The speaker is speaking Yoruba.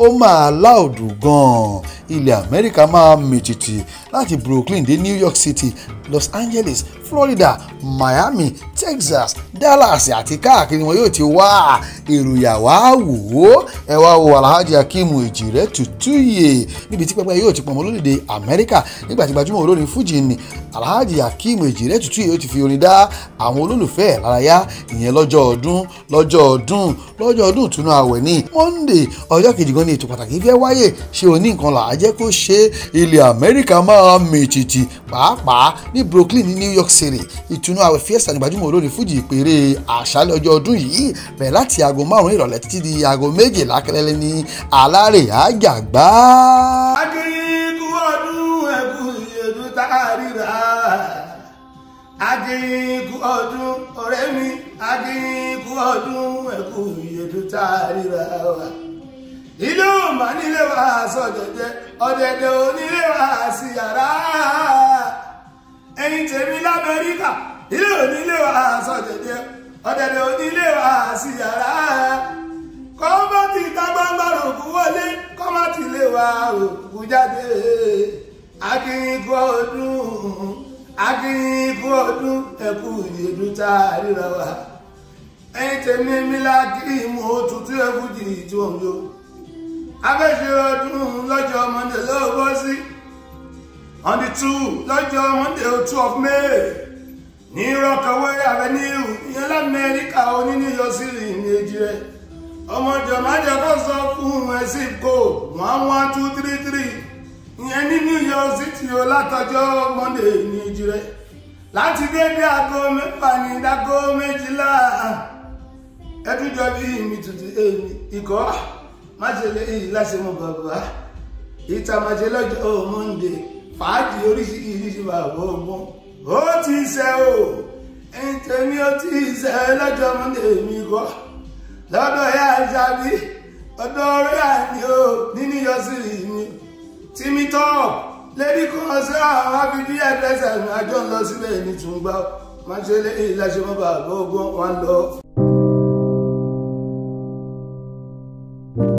ó máa láòdù gan-an ilẹ̀ amẹ́ríkà máa mìtìtì láti brooklyn dé new york city los angeles florida miami texas dallas àti káàkiri wọn yóò ti wá èròyà wá wò ó ẹ wá wo alhaji akeem ejire tutuye níbi tí pẹpẹ yóò ti pọnmọ lórílẹ̀-èdè amẹ́ríkà nígbà olórin fuji ni alhaji akeem ejire tutuye yóò ti fi orin dá àwọn olólùfẹ́ ẹ̀ lárayá ìyẹn lọ́jọ́ ọdún lọ́jọ́ ọdún lọ́jọ́ ọdún ìtúnú àwẹ̀ ní monday ọjọ́ kejì gan ni ètò pàtàkì fẹ́ wáyè ṣé o ní nǹkan là á jẹ́ kó ṣe ilẹ̀ Amẹ́ríkà máa mìtìtì pàápàá ní Brooklyn ní New York City ìtùnú àwẹ̀ fiesta ní gbajúmọ̀ olórin fújì ìpèrè àṣálẹ̀ ọjọ́ ọdún yìí bẹ̀rẹ̀ láti aago márùn-ún ìrọ̀lẹ́ títí di aago méjìlá kẹlẹ́lẹ́ ní alárè àjàgbá. akínkù ọdún ẹkùn ìyẹ̀dù tá a ríra akínkù ọdún ọ̀rẹ́ mi akínkù ọdún ẹkùn ìyẹ̀dù tá a ríra wa ilé òmà nílé wa sọ̀dẹ̀dẹ̀ ọ̀dẹ̀dẹ̀ onílé wa sí yàrá ẹ̀yin tèmi lamẹ́ríkà ilé onílé wa sọ̀dẹ̀dẹ̀ ọ̀dẹ̀dẹ̀ onílé wa sí yàrá kọ́mọ́tì tágbàgbà òkú wọlé kọ́mọ́tì lé wa òkú jáde akínkù ọdún akínkù ọdún ẹkú ìyẹ̀dún tá a ríra wa ẹ̀yin tèmi mílá kí mo tutù ẹkú jìjì tó ń yọ abẹ́ṣe ọdún lọ́jọ́ monday ló bọ́ sí on the two lọ́jọ́ monday two of may ní rockaway avenue ìyẹn lamẹ́ríkà oní new york city ní èjì rẹ̀ ọmọdé ọmọdé kò sọ fún ẹ zip code one one two three three ìyẹn ní new york city o látọjọ́ monday ní èjì rẹ̀ láti dédé aago mẹ́fà ní ìdágó méjìlá ẹdújọ bíi mi tuntun èmi ìkọ́ má ṣe lè yìí láti mọ bàbá ìtàmàṣe lọ́jọ́ monde fàájì oríṣiríṣi bàbá ògùn ó ti ṣe o ntẹ̀mí ó ti ṣe lọ́jọ́ monde mi kọ́ lọ́dọ̀ ya ṣàbí ọ̀dọ̀ ọ̀rẹ́ àní o nínú yọ̀sìrì mi tìmí tọ́ọ̀pù lẹ́bí kan ṣe àwọn abidí ẹ̀dẹ́sẹ̀ ní àjọ ń lọ sílẹ̀ ní tùǹgbà máa ṣe léyìn láṣẹ mọ́ bàbá ogún wọn lọ.